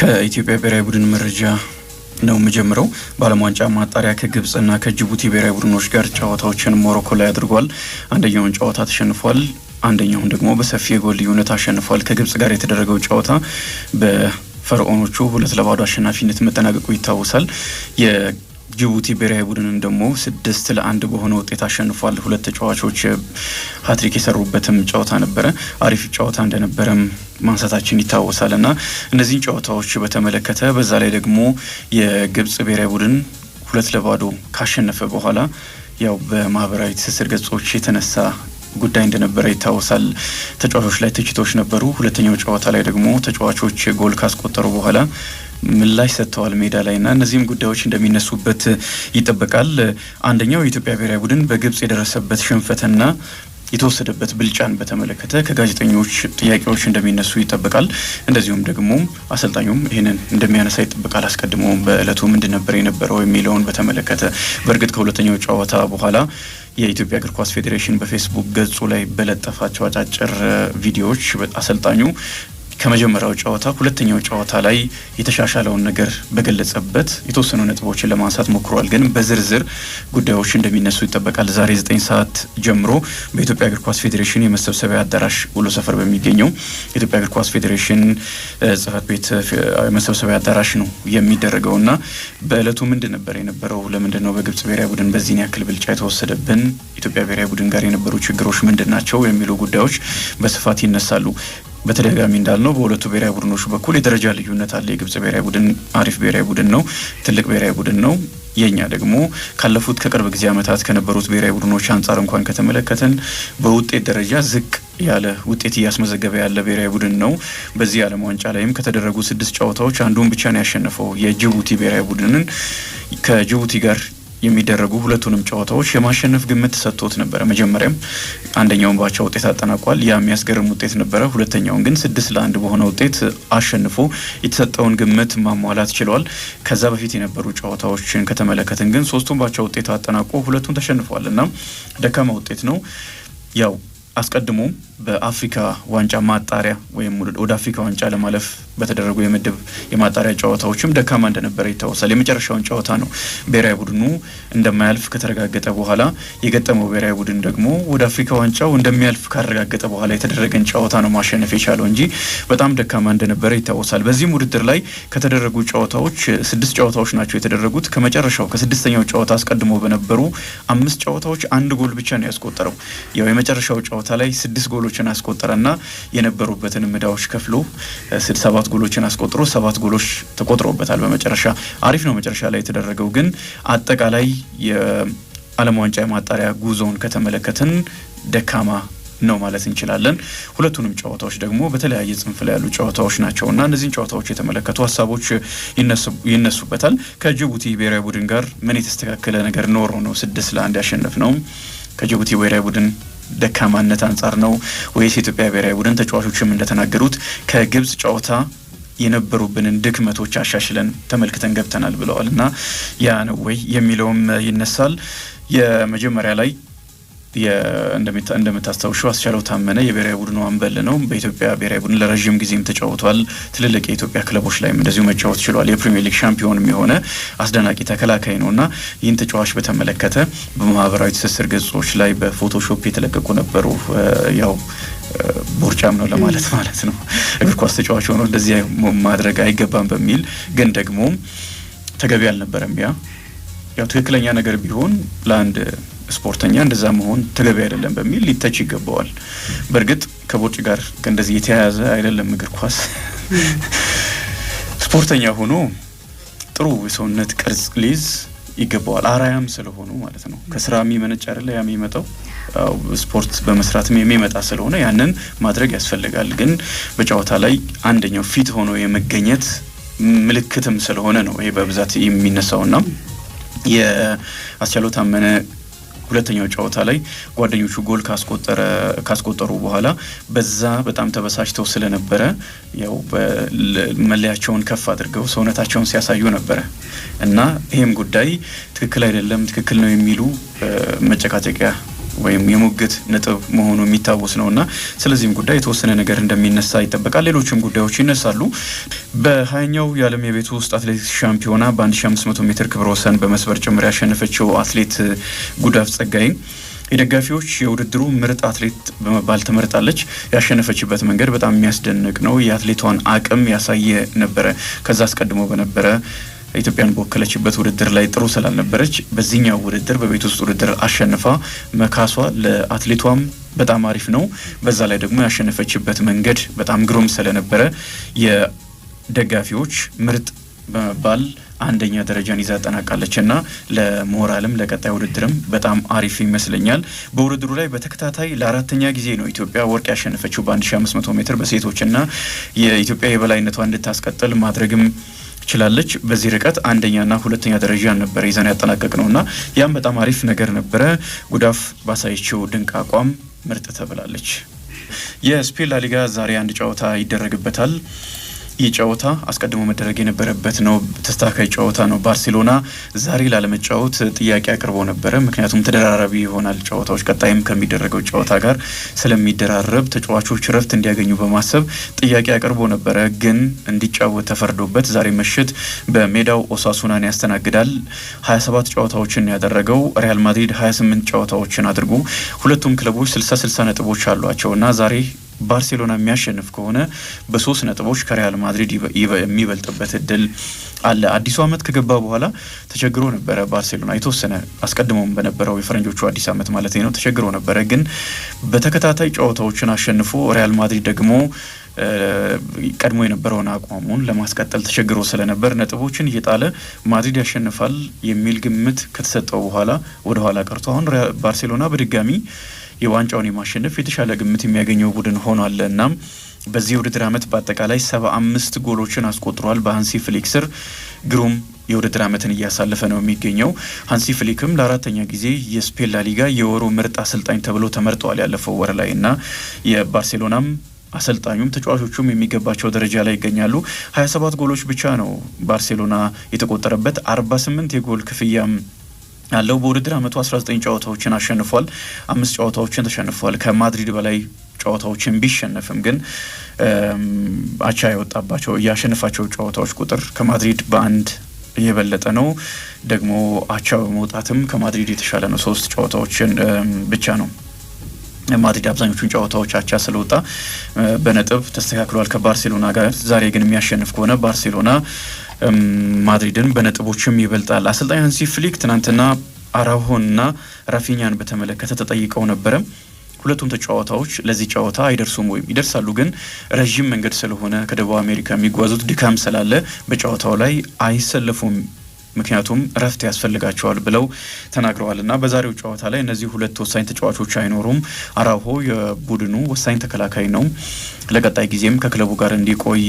ከኢትዮጵያ ብሔራዊ ቡድን መረጃ ነው የምጀምረው። በዓለም ዋንጫ ማጣሪያ ከግብፅና ከጅቡቲ ብሔራዊ ቡድኖች ጋር ጨዋታዎችን ሞሮኮ ላይ አድርጓል። አንደኛውን ጨዋታ ተሸንፏል። አንደኛውን ደግሞ በሰፊ የጎል ልዩነት አሸንፏል። ከግብጽ ጋር የተደረገው ጨዋታ በፈርዖኖቹ ሁለት ለባዶ አሸናፊነት መጠናቀቁ ይታወሳል። ጅቡቲ ብሔራዊ ቡድንን ደግሞ ስድስት ለአንድ በሆነ ውጤት አሸንፏል። ሁለት ተጫዋቾች ሀትሪክ የሰሩበትም ጨዋታ ነበረ። አሪፍ ጨዋታ እንደነበረም ማንሳታችን ይታወሳል እና እነዚህን ጨዋታዎች በተመለከተ በዛ ላይ ደግሞ የግብጽ ብሔራዊ ቡድን ሁለት ለባዶ ካሸነፈ በኋላ ያው በማህበራዊ ትስስር ገጾች የተነሳ ጉዳይ እንደነበረ ይታወሳል። ተጫዋቾች ላይ ትችቶች ነበሩ። ሁለተኛው ጨዋታ ላይ ደግሞ ተጫዋቾች ጎል ካስቆጠሩ በኋላ ምላሽ ሰጥተዋል ሜዳ ላይ እና እነዚህም ጉዳዮች እንደሚነሱበት ይጠበቃል። አንደኛው የኢትዮጵያ ብሔራዊ ቡድን በግብጽ የደረሰበት ሽንፈትና የተወሰደበት ብልጫን በተመለከተ ከጋዜጠኞች ጥያቄዎች እንደሚነሱ ይጠበቃል። እንደዚሁም ደግሞ አሰልጣኙም ይህንን እንደሚያነሳ ይጠበቃል። አስቀድሞ በእለቱ ምንድን ነበር የነበረው የሚለውን በተመለከተ በእርግጥ ከሁለተኛው ጨዋታ በኋላ የኢትዮጵያ እግር ኳስ ፌዴሬሽን በፌስቡክ ገጹ ላይ በለጠፋቸው አጫጭር ቪዲዮዎች አሰልጣኙ ከመጀመሪያው ጨዋታ ሁለተኛው ጨዋታ ላይ የተሻሻለውን ነገር በገለጸበት የተወሰኑ ነጥቦችን ለማንሳት ሞክሯል። ግን በዝርዝር ጉዳዮች እንደሚነሱ ይጠበቃል። ዛሬ ዘጠኝ ሰዓት ጀምሮ በኢትዮጵያ እግር ኳስ ፌዴሬሽን የመሰብሰቢያ አዳራሽ ውሎ ሰፈር በሚገኘው የኢትዮጵያ እግር ኳስ ፌዴሬሽን ጽፈት ቤት የመሰብሰቢያ አዳራሽ ነው የሚደረገው እና በእለቱ ምንድን ነበር የነበረው? ለምንድን ነው በግብጽ ብሔራዊ ቡድን በዚህን ያክል ብልጫ የተወሰደብን? ኢትዮጵያ ብሔራዊ ቡድን ጋር የነበሩ ችግሮች ምንድን ናቸው? የሚሉ ጉዳዮች በስፋት ይነሳሉ። በተደጋጋሚ እንዳልነው በሁለቱ ብሔራዊ ቡድኖች በኩል የደረጃ ልዩነት አለ። የግብጽ ብሔራዊ ቡድን አሪፍ ብሔራዊ ቡድን ነው፣ ትልቅ ብሔራዊ ቡድን ነው። የኛ ደግሞ ካለፉት ከቅርብ ጊዜ ዓመታት ከነበሩት ብሔራዊ ቡድኖች አንጻር እንኳን ከተመለከተን በውጤት ደረጃ ዝቅ ያለ ውጤት እያስመዘገበ ያለ ብሔራዊ ቡድን ነው። በዚህ ዓለም ዋንጫ ላይም ከተደረጉ ስድስት ጨዋታዎች አንዱን ብቻ ነው ያሸነፈው የጅቡቲ ብሔራዊ ቡድንን ከጅቡቲ ጋር የሚደረጉ ሁለቱንም ጨዋታዎች የማሸነፍ ግምት ሰጥቶት ነበረ። መጀመሪያም አንደኛውን ባቻ ውጤት አጠናቋል። ያ የሚያስገርም ውጤት ነበረ። ሁለተኛውን ግን ስድስት ለአንድ በሆነ ውጤት አሸንፎ የተሰጠውን ግምት ማሟላት ችሏል። ከዛ በፊት የነበሩ ጨዋታዎችን ከተመለከትን ግን ሶስቱን ባቻ ውጤት አጠናቆ ሁለቱን ተሸንፏል እና ደካማ ውጤት ነው ያው አስቀድሞ በአፍሪካ ዋንጫ ማጣሪያ ወይም ወደ አፍሪካ ዋንጫ ለማለፍ በተደረጉ የምድብ የማጣሪያ ጨዋታዎችም ደካማ እንደነበረ ይታወሳል። የመጨረሻውን ጨዋታ ነው ብሔራዊ ቡድኑ እንደማያልፍ ከተረጋገጠ በኋላ የገጠመው ብሔራዊ ቡድን ደግሞ ወደ አፍሪካ ዋንጫው እንደሚያልፍ ካረጋገጠ በኋላ የተደረገን ጨዋታ ነው ማሸነፍ የቻለው እንጂ በጣም ደካማ እንደነበረ ይታወሳል። በዚህም ውድድር ላይ ከተደረጉ ጨዋታዎች ስድስት ጨዋታዎች ናቸው የተደረጉት። ከመጨረሻው ከስድስተኛው ጨዋታ አስቀድሞ በነበሩ አምስት ጨዋታዎች አንድ ጎል ብቻ ነው ያስቆጠረው። ያው የመጨረሻው ጨዋታ ላይ ስድስት ጎሎ ጎሎችን አስቆጠረና የነበሩበትን እምዳዎች ከፍሎ ሰባት ጎሎችን አስቆጥሮ ሰባት ጎሎች ተቆጥሮበታል። በመጨረሻ አሪፍ ነው መጨረሻ ላይ የተደረገው ግን አጠቃላይ የዓለም ዋንጫ የማጣሪያ ጉዞውን ከተመለከትን ደካማ ነው ማለት እንችላለን። ሁለቱንም ጨዋታዎች ደግሞ በተለያየ ጽንፍ ላይ ያሉ ጨዋታዎች ናቸው እና እነዚህን ጨዋታዎች የተመለከቱ ሀሳቦች ይነሱበታል። ከጅቡቲ ብሔራዊ ቡድን ጋር ምን የተስተካከለ ነገር ኖሮ ነው ስድስት ለአንድ ያሸነፍ ነው? ከጅቡቲ ብሔራዊ ቡድን ደካማነት አንጻር ነው ወይስ የኢትዮጵያ ብሔራዊ ቡድን ተጫዋቾችም እንደተናገሩት ከግብጽ ጨዋታ የነበሩብንን ድክመቶች አሻሽለን ተመልክተን ገብተናል ብለዋል እና ያ ነው ወይ የሚለውም ይነሳል። የመጀመሪያ ላይ እንደምታስታውሹ አስቻለው ታመነ የብሔራዊ ቡድኑ አምበል ነው። በኢትዮጵያ ብሔራዊ ቡድን ለረዥም ጊዜም ተጫውቷል። ትልልቅ የኢትዮጵያ ክለቦች ላይም እንደዚሁ መጫወት ችሏል። የፕሪሚየር ሊግ ሻምፒዮንም የሆነ አስደናቂ ተከላካይ ነው እና ይህን ተጫዋች በተመለከተ በማህበራዊ ትስስር ገጾች ላይ በፎቶሾፕ የተለቀቁ ነበሩ ያው ቦርጫም ነው ለማለት ማለት ነው። እግር ኳስ ተጫዋች ሆኖ እንደዚህ ማድረግ አይገባም በሚል ግን ደግሞ ተገቢ አልነበረም። ያ ያው ትክክለኛ ነገር ቢሆን ለአንድ ስፖርተኛ እንደዛ መሆን ተገቢ አይደለም በሚል ሊተች ይገባዋል። በእርግጥ ከቦጭ ጋር እንደዚህ የተያያዘ አይደለም እግር ኳስ። ስፖርተኛ ሆኖ ጥሩ የሰውነት ቅርጽ ሊይዝ ይገባዋል። አራያም ስለሆኑ ማለት ነው። ከስራ የሚመነጭ አይደለ ያ የሚመጣው ስፖርት በመስራትም የሚመጣ ስለሆነ ያንን ማድረግ ያስፈልጋል። ግን በጨዋታ ላይ አንደኛው ፊት ሆኖ የመገኘት ምልክትም ስለሆነ ነው ይሄ በብዛት የሚነሳውና የአስቻለው ታመነ ሁለተኛው ጨዋታ ላይ ጓደኞቹ ጎል ካስቆጠሩ በኋላ በዛ በጣም ተበሳጭተው ስለነበረ ያው መለያቸውን ከፍ አድርገው ሰውነታቸውን ሲያሳዩ ነበረ እና ይህም ጉዳይ ትክክል አይደለም፣ ትክክል ነው የሚሉ መጨቃጨቂያ ወይም የሙግት ነጥብ መሆኑ የሚታወስ ነው እና ስለዚህም ጉዳይ የተወሰነ ነገር እንደሚነሳ ይጠበቃል። ሌሎችም ጉዳዮች ይነሳሉ። በሀያኛው የዓለም የቤት ውስጥ አትሌቲክስ ሻምፒዮና በ1500 ሜትር ክብረ ወሰን በመስበር ጭምር ያሸነፈችው አትሌት ጉዳፍ ጸጋይ የደጋፊዎች የውድድሩ ምርጥ አትሌት በመባል ተመርጣለች። ያሸነፈችበት መንገድ በጣም የሚያስደንቅ ነው። የአትሌቷን አቅም ያሳየ ነበረ ከዛ አስቀድሞ በነበረ ኢትዮጵያን በወከለችበት ውድድር ላይ ጥሩ ስላልነበረች በዚህኛው ውድድር በቤት ውስጥ ውድድር አሸንፋ መካሷ ለአትሌቷም በጣም አሪፍ ነው። በዛ ላይ ደግሞ ያሸነፈችበት መንገድ በጣም ግሩም ስለነበረ የደጋፊዎች ምርጥ በመባል አንደኛ ደረጃን ይዛ ያጠናቃለች እና ለሞራልም ለቀጣይ ውድድርም በጣም አሪፍ ይመስለኛል። በውድድሩ ላይ በተከታታይ ለአራተኛ ጊዜ ነው ኢትዮጵያ ወርቅ ያሸነፈችው በ1500 ሜትር በሴቶች እና የኢትዮጵያ የበላይነቷ እንድታስቀጥል ማድረግም ችላለች። በዚህ ርቀት አንደኛና ሁለተኛ ደረጃ ነበረ ይዘን ያጠናቀቅ እና ያም በጣም አሪፍ ነገር ነበረ። ጉዳፍ ባሳየችው ድንቅ አቋም ምርጥ ተብላለች። የስፔን ላሊጋ ዛሬ አንድ ጨዋታ ይደረግበታል። ይህ ጨዋታ አስቀድሞ መደረግ የነበረበት ነው። ተስተካካይ ጨዋታ ነው። ባርሴሎና ዛሬ ላለመጫወት ጥያቄ አቅርቦ ነበረ። ምክንያቱም ተደራራቢ ይሆናል ጨዋታዎች ቀጣይም ከሚደረገው ጨዋታ ጋር ስለሚደራረብ ተጫዋቾች እረፍት እንዲያገኙ በማሰብ ጥያቄ አቅርቦ ነበረ፣ ግን እንዲጫወት ተፈርዶበት ዛሬ ምሽት በሜዳው ኦሳሱናን ያስተናግዳል። 27 ጨዋታዎችን ያደረገው ሪያል ማድሪድ 28 ጨዋታዎችን አድርጎ ሁለቱም ክለቦች 60 60 ነጥቦች አሏቸው እና ዛሬ ባርሴሎና የሚያሸንፍ ከሆነ በሶስት ነጥቦች ከሪያል ማድሪድ የሚበልጥበት እድል አለ። አዲሱ ዓመት ከገባ በኋላ ተቸግሮ ነበረ ባርሴሎና የተወሰነ አስቀድሞም በነበረው የፈረንጆቹ አዲስ ዓመት ማለት ነው ተቸግሮ ነበረ። ግን በተከታታይ ጨዋታዎችን አሸንፎ ሪያል ማድሪድ ደግሞ ቀድሞ የነበረውን አቋሙን ለማስቀጠል ተቸግሮ ስለነበር ነጥቦችን እየጣለ ማድሪድ ያሸንፋል የሚል ግምት ከተሰጠው በኋላ ወደኋላ ቀርቶ አሁን ባርሴሎና በድጋሚ የዋንጫውን የማሸነፍ የተሻለ ግምት የሚያገኘው ቡድን ሆኗል። እናም በዚህ ውድድር ዓመት በአጠቃላይ ሰባ አምስት ጎሎችን አስቆጥሯል። በሀንሲ ፍሊክ ስር ግሩም የውድድር ዓመትን እያሳለፈ ነው የሚገኘው። ሀንሲ ፍሊክም ለአራተኛ ጊዜ የስፔን ላሊጋ የወሩ ምርጥ አሰልጣኝ ተብሎ ተመርጠዋል ያለፈው ወር ላይ እና የባርሴሎናም አሰልጣኙም ተጫዋቾቹም የሚገባቸው ደረጃ ላይ ይገኛሉ። 27 ጎሎች ብቻ ነው ባርሴሎና የተቆጠረበት 48 የጎል ክፍያም ያለው በውድድር አመቱ 19 ጨዋታዎችን አሸንፏል። አምስት ጨዋታዎችን ተሸንፏል። ከማድሪድ በላይ ጨዋታዎችን ቢሸነፍም ግን አቻ የወጣባቸው እያሸነፋቸው ጨዋታዎች ቁጥር ከማድሪድ በአንድ የበለጠ ነው። ደግሞ አቻ በመውጣትም ከማድሪድ የተሻለ ነው። ሶስት ጨዋታዎችን ብቻ ነው ማድሪድ አብዛኞቹን ጨዋታዎች አቻ ስለወጣ በነጥብ ተስተካክሏል ከባርሴሎና ጋር። ዛሬ ግን የሚያሸንፍ ከሆነ ባርሴሎና ማድሪድን በነጥቦችም ይበልጣል። አሰልጣኝ ሃንሲ ፍሊክ ትናንትና አራሆንና ራፊኛን በተመለከተ ተጠይቀው ነበረ። ሁለቱም ተጫዋታዎች ለዚህ ጨዋታ አይደርሱም ወይም ይደርሳሉ፣ ግን ረዥም መንገድ ስለሆነ ከደቡብ አሜሪካ የሚጓዙት ድካም ስላለ በጨዋታው ላይ አይሰለፉም ምክንያቱም እረፍት ያስፈልጋቸዋል ብለው ተናግረዋል እና በዛሬው ጨዋታ ላይ እነዚህ ሁለት ወሳኝ ተጫዋቾች አይኖሩም። አራሆ የቡድኑ ወሳኝ ተከላካይ ነው። ለቀጣይ ጊዜም ከክለቡ ጋር እንዲቆይ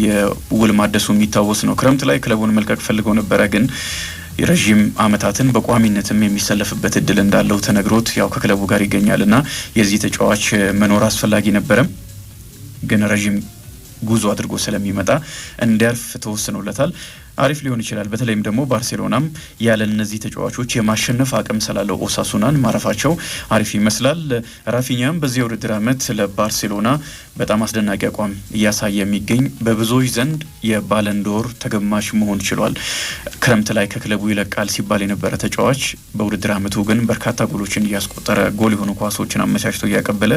ውል ማደሱ የሚታወስ ነው። ክረምት ላይ ክለቡን መልቀቅ ፈልገው ነበረ ግን የረዥም ዓመታትን በቋሚነትም የሚሰለፍበት እድል እንዳለው ተነግሮት ያው ከክለቡ ጋር ይገኛል እና የዚህ ተጫዋች መኖር አስፈላጊ ነበረ ግን ረዥም ጉዞ አድርጎ ስለሚመጣ እንዲያርፍ ተወስኖለታል። አሪፍ ሊሆን ይችላል። በተለይም ደግሞ ባርሴሎናም ያለ እነዚህ ተጫዋቾች የማሸነፍ አቅም ስላለው ኦሳሱናን ማረፋቸው አሪፍ ይመስላል። ራፊኛም በዚህ የውድድር ዓመት ለባርሴሎና በጣም አስደናቂ አቋም እያሳየ የሚገኝ በብዙዎች ዘንድ የባለንዶር ተገማሽ መሆን ችሏል። ክረምት ላይ ከክለቡ ይለቃል ሲባል የነበረ ተጫዋች በውድድር ዓመቱ ግን በርካታ ጎሎችን እያስቆጠረ ጎል የሆኑ ኳሶችን አመቻችቶ እያቀበለ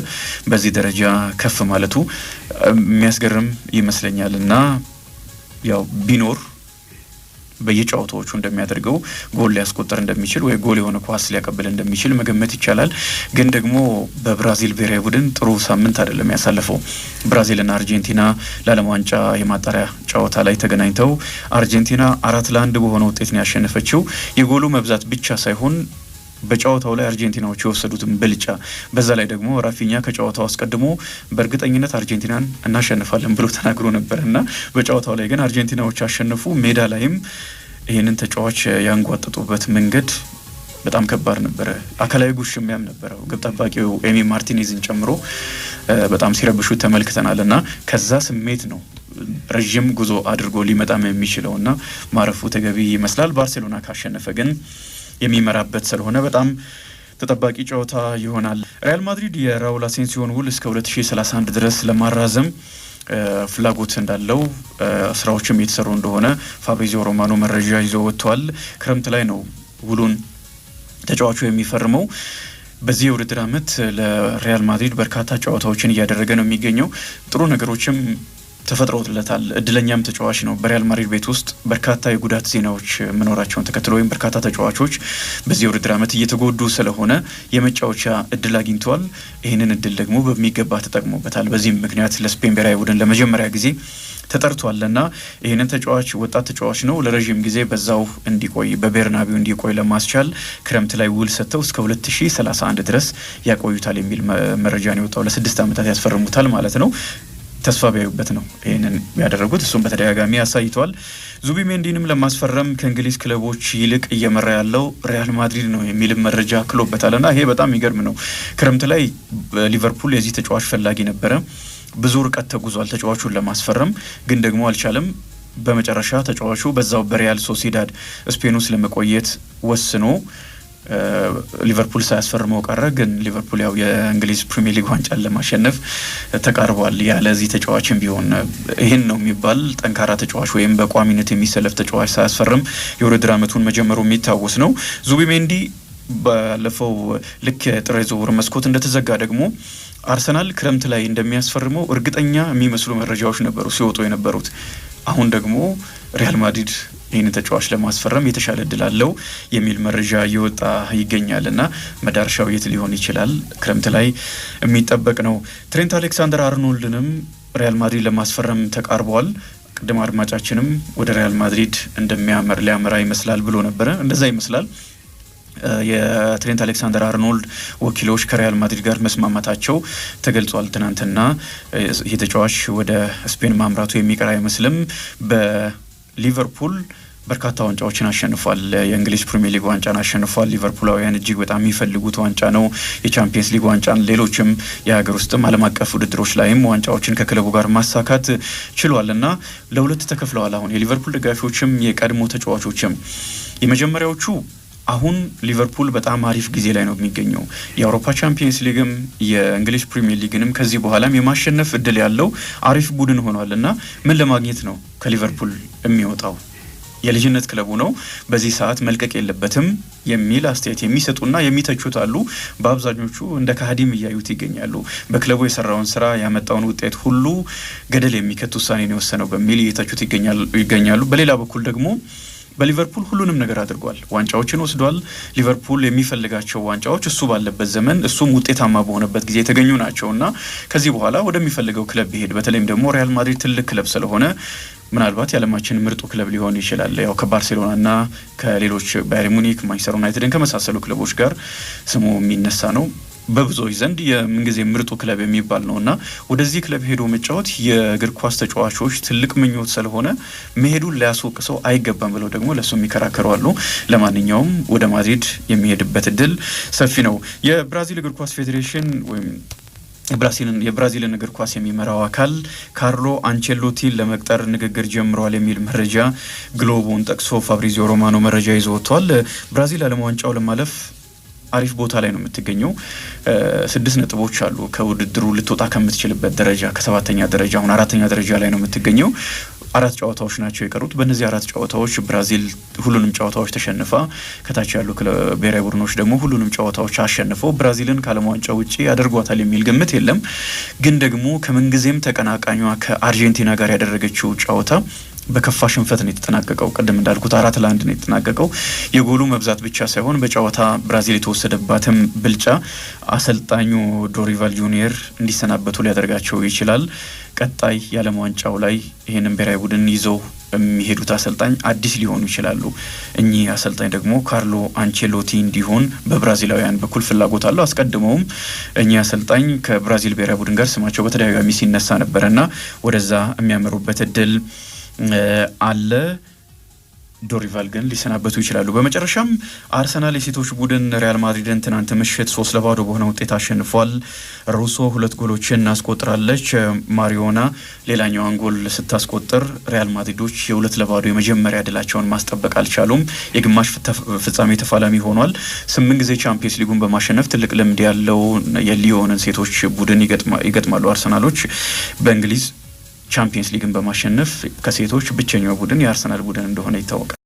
በዚህ ደረጃ ከፍ ማለቱ የሚያስገርም ይመስለኛል እና ያው ቢኖር በየጨዋታዎቹ እንደሚያደርገው ጎል ሊያስቆጠር እንደሚችል ወይ ጎል የሆነ ኳስ ሊያቀብል እንደሚችል መገመት ይቻላል። ግን ደግሞ በብራዚል ብሔራዊ ቡድን ጥሩ ሳምንት አይደለም ያሳለፈው። ብራዚልና አርጀንቲና ለዓለም ዋንጫ የማጣሪያ ጨዋታ ላይ ተገናኝተው አርጀንቲና አራት ለአንድ በሆነ ውጤት ነው ያሸነፈችው። የጎሉ መብዛት ብቻ ሳይሆን በጨዋታው ላይ አርጀንቲናዎች የወሰዱትን ብልጫ፣ በዛ ላይ ደግሞ ራፊኛ ከጨዋታው አስቀድሞ በእርግጠኝነት አርጀንቲናን እናሸንፋለን ብሎ ተናግሮ ነበር እና በጨዋታው ላይ ግን አርጀንቲናዎች አሸነፉ። ሜዳ ላይም ይህንን ተጫዋች ያንጓጠጡበት መንገድ በጣም ከባድ ነበረ። አካላዊ ጉሽሚያም ነበረው። ግብ ጠባቂው ኤሚ ማርቲኔዝን ጨምሮ በጣም ሲረብሹት ተመልክተናል እና ከዛ ስሜት ነው ረዥም ጉዞ አድርጎ ሊመጣም የሚችለው እና ማረፉ ተገቢ ይመስላል። ባርሴሎና ካሸነፈ ግን የሚመራበት ስለሆነ በጣም ተጠባቂ ጨዋታ ይሆናል። ሪያል ማድሪድ የራውል አሴንሲዮን ውል እስከ 2031 ድረስ ለማራዘም ፍላጎት እንዳለው ስራዎችም እየተሰሩ እንደሆነ ፋብሪዚዮ ሮማኖ መረጃ ይዞ ወጥተዋል። ክረምት ላይ ነው ውሉን ተጫዋቹ የሚፈርመው። በዚህ የውድድር ዓመት ለሪያል ማድሪድ በርካታ ጨዋታዎችን እያደረገ ነው የሚገኘው። ጥሩ ነገሮችም ተፈጥሮለታል። እድለኛም ተጫዋች ነው። በሪያል ማድሪድ ቤት ውስጥ በርካታ የጉዳት ዜናዎች መኖራቸውን ተከትሎ ወይም በርካታ ተጫዋቾች በዚህ ውድድር ዓመት እየተጎዱ ስለሆነ የመጫወቻ እድል አግኝተዋል። ይህንን እድል ደግሞ በሚገባ ተጠቅሞበታል። በዚህም ምክንያት ለስፔን ብሔራዊ ቡድን ለመጀመሪያ ጊዜ ተጠርቷልና ይህንን ተጫዋች ወጣት ተጫዋች ነው። ለረዥም ጊዜ በዛው እንዲቆይ በቤርናቢው እንዲቆይ ለማስቻል ክረምት ላይ ውል ሰጥተው እስከ 2031 ድረስ ያቆዩታል የሚል መረጃ ነው የወጣው። ለስድስት ዓመታት ያስፈርሙታል ማለት ነው። ተስፋ ቢያዩበት ነው ይህንን ያደረጉት። እሱም በተደጋጋሚ አሳይተዋል። ሜንዲንም ለማስፈረም ከእንግሊዝ ክለቦች ይልቅ እየመራ ያለው ሪያል ማድሪድ ነው የሚልም መረጃ ክሎበታል። ና ይሄ በጣም የሚገርም ነው። ክረምት ላይ ሊቨርፑል የዚህ ተጫዋች ፈላጊ ነበረ። ብዙ ርቀት ተጉዟል ተጫዋቹን ለማስፈረም ግን ደግሞ አልቻለም። በመጨረሻ ተጫዋቹ በዛው በሪያል ሶሲዳድ ስፔን ውስጥ ለመቆየት ወስኖ ሊቨርፑል ሳያስፈርመው ቀረ። ግን ሊቨርፑል ያው የእንግሊዝ ፕሪሚየር ሊግ ዋንጫን ለማሸነፍ ተቃርቧል። ያለዚህ ተጫዋችም ቢሆን ይህን ነው የሚባል ጠንካራ ተጫዋች ወይም በቋሚነት የሚሰለፍ ተጫዋች ሳያስፈርም የውድድር ዓመቱን መጀመሩ የሚታወስ ነው። ዙቢሜንዲ ባለፈው ልክ የጥር ዝውውር መስኮት እንደተዘጋ ደግሞ አርሰናል ክረምት ላይ እንደሚያስፈርመው እርግጠኛ የሚመስሉ መረጃዎች ነበሩ ሲወጡ የነበሩት። አሁን ደግሞ ሪያል ማድሪድ ይህንን ተጫዋች ለማስፈረም የተሻለ እድል አለው የሚል መረጃ እየወጣ ይገኛል እና መዳረሻው የት ሊሆን ይችላል ክረምት ላይ የሚጠበቅ ነው። ትሬንት አሌክሳንደር አርኖልድንም ሪያል ማድሪድ ለማስፈረም ተቃርበዋል። ቅድም አድማጫችንም ወደ ሪያል ማድሪድ እንደሚያመር ሊያመራ ይመስላል ብሎ ነበረ። እንደዛ ይመስላል። የትሬንት አሌክሳንደር አርኖልድ ወኪሎች ከሪያል ማድሪድ ጋር መስማማታቸው ተገልጿል። ትናንትና ይህ ተጫዋች ወደ ስፔን ማምራቱ የሚቀር አይመስልም። ሊቨርፑል በርካታ ዋንጫዎችን አሸንፏል። የእንግሊዝ ፕሪሚየር ሊግ ዋንጫን አሸንፏል። ሊቨርፑላውያን እጅግ በጣም የሚፈልጉት ዋንጫ ነው፣ የቻምፒየንስ ሊግ ዋንጫን። ሌሎችም የሀገር ውስጥም ዓለም አቀፍ ውድድሮች ላይም ዋንጫዎችን ከክለቡ ጋር ማሳካት ችሏል እና ለሁለት ተከፍለዋል። አሁን የሊቨርፑል ደጋፊዎችም የቀድሞ ተጫዋቾችም የመጀመሪያዎቹ አሁን ሊቨርፑል በጣም አሪፍ ጊዜ ላይ ነው የሚገኘው። የአውሮፓ ቻምፒየንስ ሊግም የእንግሊዝ ፕሪሚየር ሊግንም ከዚህ በኋላም የማሸነፍ እድል ያለው አሪፍ ቡድን ሆኗል እና ምን ለማግኘት ነው ከሊቨርፑል የሚወጣው? የልጅነት ክለቡ ነው፣ በዚህ ሰዓት መልቀቅ የለበትም የሚል አስተያየት የሚሰጡና የሚተቹት አሉ። በአብዛኞቹ እንደ ካህዲም እያዩት ይገኛሉ። በክለቡ የሰራውን ስራ ያመጣውን ውጤት ሁሉ ገደል የሚከት ውሳኔ ነው የወሰነው በሚል እየተቹት ይገኛሉ። በሌላ በኩል ደግሞ በሊቨርፑል ሁሉንም ነገር አድርጓል። ዋንጫዎችን ወስዷል። ሊቨርፑል የሚፈልጋቸው ዋንጫዎች እሱ ባለበት ዘመን እሱም ውጤታማ በሆነበት ጊዜ የተገኙ ናቸው እና ከዚህ በኋላ ወደሚፈልገው ክለብ ቢሄድ በተለይም ደግሞ ሪያል ማድሪድ ትልቅ ክለብ ስለሆነ ምናልባት የዓለማችን ምርጡ ክለብ ሊሆን ይችላል። ያው ከባርሴሎና እና ከሌሎች ባየር ሙኒክ፣ ማንቸስተር ዩናይትድን ከመሳሰሉ ክለቦች ጋር ስሙ የሚነሳ ነው። በብዙዎች ዘንድ የምንጊዜ ምርጡ ክለብ የሚባል ነው እና ወደዚህ ክለብ ሄዶ መጫወት የእግር ኳስ ተጫዋቾች ትልቅ ምኞት ስለሆነ መሄዱን ሊያስወቅሰው አይገባም ብለው ደግሞ ለእሱ የሚከራከሩ አሉ። ለማንኛውም ወደ ማድሪድ የሚሄድበት እድል ሰፊ ነው። የብራዚል እግር ኳስ ፌዴሬሽን ወይም የብራዚልን እግር ኳስ የሚመራው አካል ካርሎ አንቸሎቲ ለመቅጠር ንግግር ጀምረዋል የሚል መረጃ ግሎቦን ጠቅሶ ፋብሪዚዮ ሮማኖ መረጃ ይዞ ወጥቷል። ብራዚል ዓለም ዋንጫው ለማለፍ አሪፍ ቦታ ላይ ነው የምትገኘው። ስድስት ነጥቦች አሉ ከውድድሩ ልትወጣ ከምትችልበት ደረጃ ከሰባተኛ ደረጃ አሁን አራተኛ ደረጃ ላይ ነው የምትገኘው። አራት ጨዋታዎች ናቸው የቀሩት። በእነዚህ አራት ጨዋታዎች ብራዚል ሁሉንም ጨዋታዎች ተሸንፋ ከታች ያሉ ብሔራዊ ቡድኖች ደግሞ ሁሉንም ጨዋታዎች አሸንፈው ብራዚልን ከዓለም ዋንጫ ውጭ ያደርጓታል የሚል ግምት የለም። ግን ደግሞ ከምንጊዜም ተቀናቃኟ ከአርጀንቲና ጋር ያደረገችው ጨዋታ በከፋ ሽንፈት ነው የተጠናቀቀው። ቅድም እንዳልኩት አራት ለአንድ ነው የተጠናቀቀው። የጎሉ መብዛት ብቻ ሳይሆን በጨዋታ ብራዚል የተወሰደባትም ብልጫ አሰልጣኙ ዶሪቫል ጁኒየር እንዲሰናበቱ ሊያደርጋቸው ይችላል። ቀጣይ የዓለም ዋንጫው ላይ ይህንን ብሔራዊ ቡድን ይዘው የሚሄዱት አሰልጣኝ አዲስ ሊሆኑ ይችላሉ። እኚህ አሰልጣኝ ደግሞ ካርሎ አንቼሎቲ እንዲሆን በብራዚላውያን በኩል ፍላጎት አለው። አስቀድመውም እኚህ አሰልጣኝ ከብራዚል ብሔራዊ ቡድን ጋር ስማቸው በተደጋጋሚ ሲነሳ ነበረና ወደዛ የሚያመሩበት እድል አለ። ዶሪቫል ግን ሊሰናበቱ ይችላሉ። በመጨረሻም አርሰናል የሴቶች ቡድን ሪያል ማድሪድን ትናንት ምሽት ሶስት ለባዶ በሆነ ውጤት አሸንፏል። ሩሶ ሁለት ጎሎችን አስቆጥራለች። ማሪዮና ሌላኛዋን ጎል ስታስቆጥር ሪያል ማድሪዶች የሁለት ለባዶ የመጀመሪያ ድላቸውን ማስጠበቅ አልቻሉም። የግማሽ ፍጻሜ ተፋላሚ ሆኗል። ስምንት ጊዜ ቻምፒየንስ ሊጉን በማሸነፍ ትልቅ ልምድ ያለው የሊዮንን ሴቶች ቡድን ይገጥማሉ አርሰናሎች በእንግሊዝ ቻምፒየንስ ሊግን በማሸነፍ ከሴቶች ብቸኛው ቡድን የአርሰናል ቡድን እንደሆነ ይታወቃል።